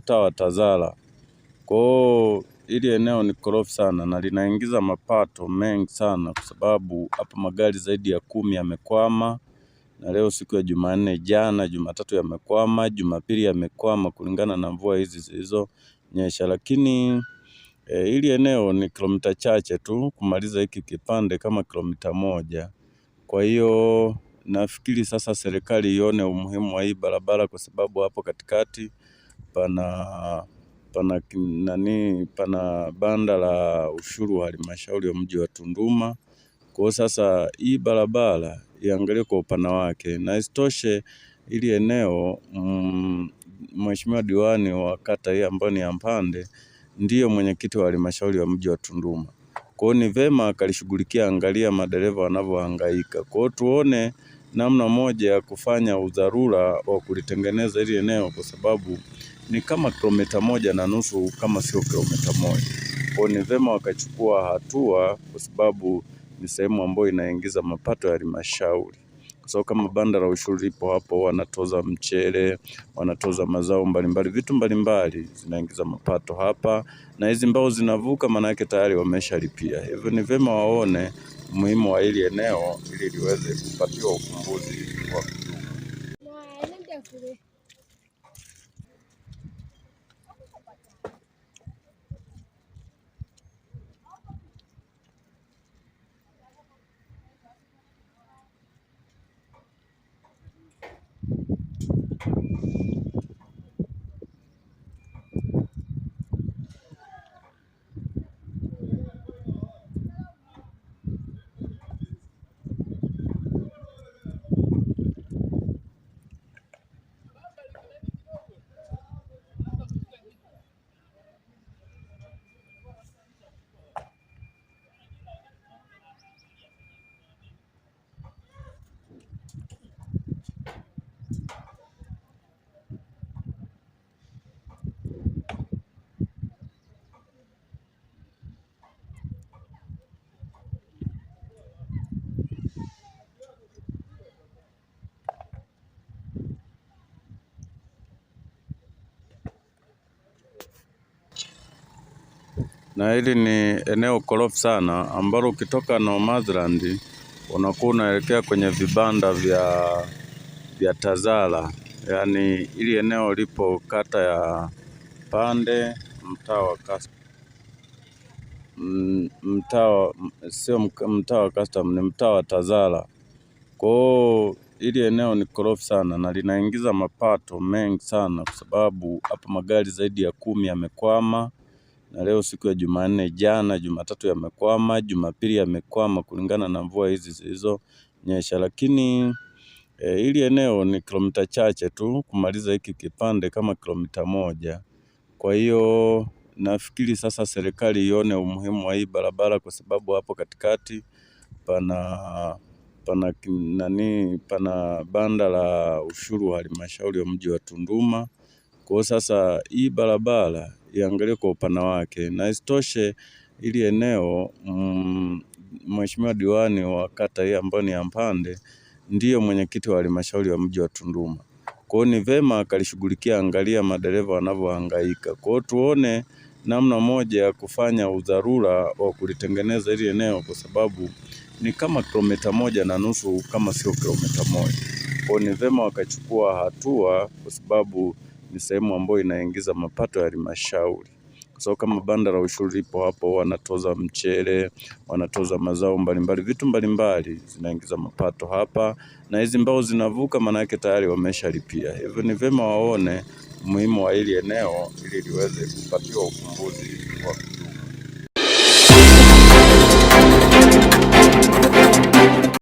mtaa wa Tazara. Kwa hiyo hili eneo ni korofi sana na linaingiza mapato mengi sana, kwa sababu hapa magari zaidi ya kumi yamekwama na leo siku ya Jumanne, jana Jumatatu yamekwama, Jumapili yamekwama kulingana na mvua hizi zilizonyesha, lakini e, hili eneo ni kilomita chache tu kumaliza hiki kipande kama kilomita moja. Kwa hiyo nafikiri sasa serikali ione umuhimu wa hii barabara kwa sababu hapo katikati pana pana nani pana banda la ushuru wa halmashauri ya mji wa Tunduma. Kwa sasa hii barabara iangalie kwa upana wake, na isitoshe ili eneo mm, mheshimiwa diwani wa kata hii ambayo ni ampande ndiyo mwenyekiti wa halmashauri ya mji wa Tunduma. Kwa hiyo ni vema akalishughulikia, angalia madereva wanavyohangaika. Kwa hiyo tuone namna moja ya kufanya udharura wa kulitengeneza ili eneo kwa sababu ni kama kilomita moja na nusu kama sio kilomita moja. Kwa ni vema wakachukua hatua, kwa sababu ni sehemu ambayo inaingiza mapato ya halmashauri. Kwa sababu kama banda la ushuru lipo hapo, wanatoza mchele, wanatoza mazao mbalimbali, vitu mbalimbali zinaingiza mapato hapa, na hizi mbao zinavuka, maana yake tayari wameshalipia. Hivyo ni vema waone umuhimu wa hili eneo ili liweze kupatiwa ufumbuzi wa kudumu. na hili ni eneo korofi sana ambalo ukitoka Nomadland unakuwa unaelekea kwenye vibanda vya, vya Tazara. Yaani hili eneo lipo kata ya Pande mtaa wa Custom, mm, mtaa sio mtaa wa Custom, ni mtaa wa Tazara. Kwa hiyo hili eneo ni korofi sana na linaingiza mapato mengi sana, kwa sababu hapa magari zaidi ya kumi yamekwama na leo siku ya Jumanne. Jana Jumatatu yamekwama, Jumapili yamekwama kulingana na mvua hizi zilizonyesha, lakini e, ili eneo ni kilomita chache tu kumaliza hiki kipande kama kilomita moja. Kwa hiyo nafikiri sasa serikali ione umuhimu wa hii barabara kwa sababu hapo katikati pana pana nani, pana banda la ushuru wa halmashauri ya mji wa Tunduma. Kwa sasa hii barabara iangalie kwa upana wake, na isitoshe ili eneo mm, diwani wa kata hii ambayo ni ya Mpande ndiyo mwenyekiti wa halmashauri ya mji wa Tunduma. Kwa hiyo ni vema akalishughulikia, angalia madereva wanavyohangaika. Kwa hiyo tuone namna moja ya kufanya udharura wa kulitengeneza hili eneo, kwa sababu ni kama kilomita moja na nusu, kama sio kilomita moja. Kwa hiyo ni vema wakachukua hatua, kwa sababu ni sehemu ambayo inaingiza mapato ya halmashauri. Kwa sababu kama banda la ushuru lipo hapo, wanatoza mchele, wanatoza mazao mbalimbali, vitu mbalimbali zinaingiza mapato hapa, na hizi mbao zinavuka, maana yake tayari wameshalipia. Hivyo ni vyema waone umuhimu wa hili eneo ili liweze kupatiwa ufumbuzi wa